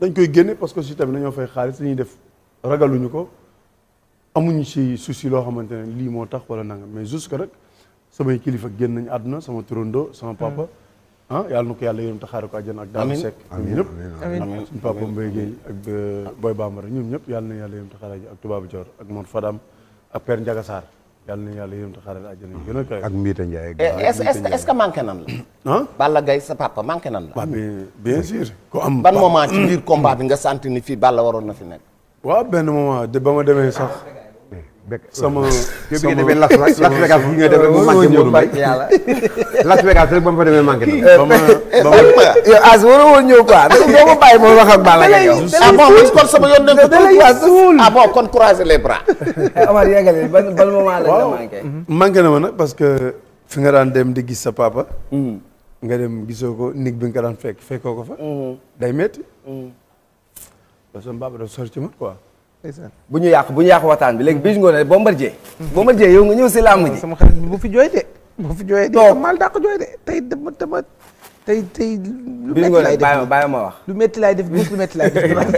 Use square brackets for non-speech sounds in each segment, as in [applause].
dañ koy génne parce que si tamit dañoo fay xaalis dañuy def ragaluñu ko amuñu si souci loo xamante ne lii moo tax wala nangam mais juste que rek samay kilifa génn nañu àdduna sama turando sama papa. Hmm. ah yàlla na ko yàlla yërëm taxaare ko àjjana ak daal sekk ñoom ñëpp amiin suñu papa Mbaye Guèye ak euh, Boy Bambara ñoom ñëpp yàlla na yàlla yërëm taxaare ak tubaabu Dior ak Mor Fadam ak Père Ndiaga yal na yàlla yërëm te xaaral àjjana gën a kawe. ak Mita Ndiaye est ce que manqué la. Balla Gaye sa papa manqué nan la. waaw mais bien sûr. ko am ban moment ci biir combat bi nga sant ni fii Balla waroon na fi nekk. waaw benn moment de ba demee sax. sama sama euh, bi nga demee Las Vegas bi nga demee bu manqué Modou Mbaye yàlla [laughs] Las Vegas rek ba ma fa demee manqué na. Eh, ba ma ba ma yow eh, eh, as waroon ñëw quoi doo ma bàyyi ma wax ak Balla nga yow. ah bon kon sama yoon ah bon kon croiser les bras. [laughs] Amar yegale ban ban moment lañ la manqué. Mhm. manqué parce que fi nga daan dem di gis sa papa. Mhm. nga dem gisoo ko nit bi nga ko daan fekk fekkoo ko fa. Mhm. day métti. parce que papa dafa sori man quoi. bu ñu yàq bu ñu yàq waxtaan bi léegi bis ngoone Bombardier Bombardier yow nga ñëw si làmb ji sama xarit bu fi jooy de bu fi jooyee de mal dàq jooy de tey dama dama tey tey lu métti laay def bàyyi ma wax lu métti laay def gis lu métti laay def [laughs] a mm.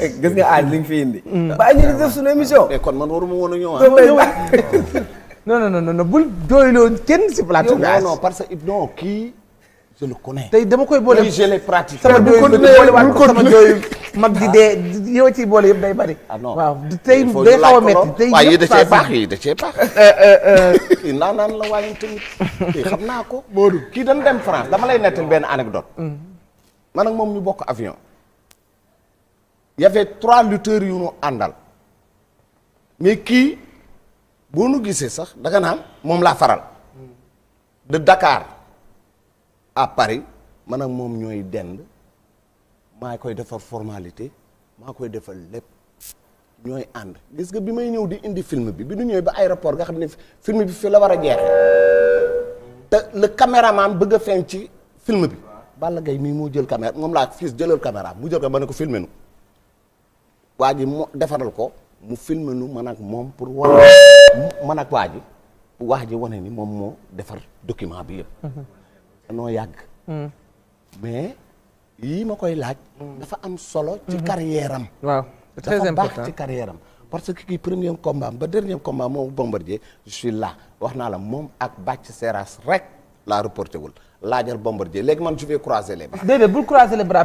eh, ah. [laughs] koy boole je l'ai pratiqué jooy mag di dee yoo ci boole yëpp day bari. ah non waaw tey day xaw a métti tey yëpp saa baax [laughs] eh, eh, eh. [laughs] naan la waaye tamit xam naa ko. Moodu kii dañ dem France dama lay nettal benn anecdote. Mm. man ak moom ñu bokk avion. yu ñu kii boo nu gisee sax danga moom laa faral. Mm. de dakaar à Paris ma ak moom ñooy dend maa koy defar formalité. maa koy defal lépp ñooy ànd gis nga bi may ñëw di indi film bi bi nu ñëwee ba aéroport nga xam ne film bi fi la war a jeexe te le caméraman bëgg a feeñ ci film bi Balla Gaye mii moo jël caméra moom laa fiis jëlal caméra mu jël ko ma ne ko filmé nu waa ji mu defaral ko mu filmé nu man ak moom pour wane man ak waa ji waa ji wane ni moom moo defar document bi yëpp. Mm-hmm. danoo yàgg mm. yii ma koy laaj. dafa am solo. ci mhm. carrière am. waaw c'est très dafa baax ci carrière am parce que kii premier combat ba dernier combat bombar Bombardier je suis là wax naa la moom ak Bac Seras rek laa reporté wul laajal Bombardier léegi man je vais croiser les bras. déedéet bul croiser les bras.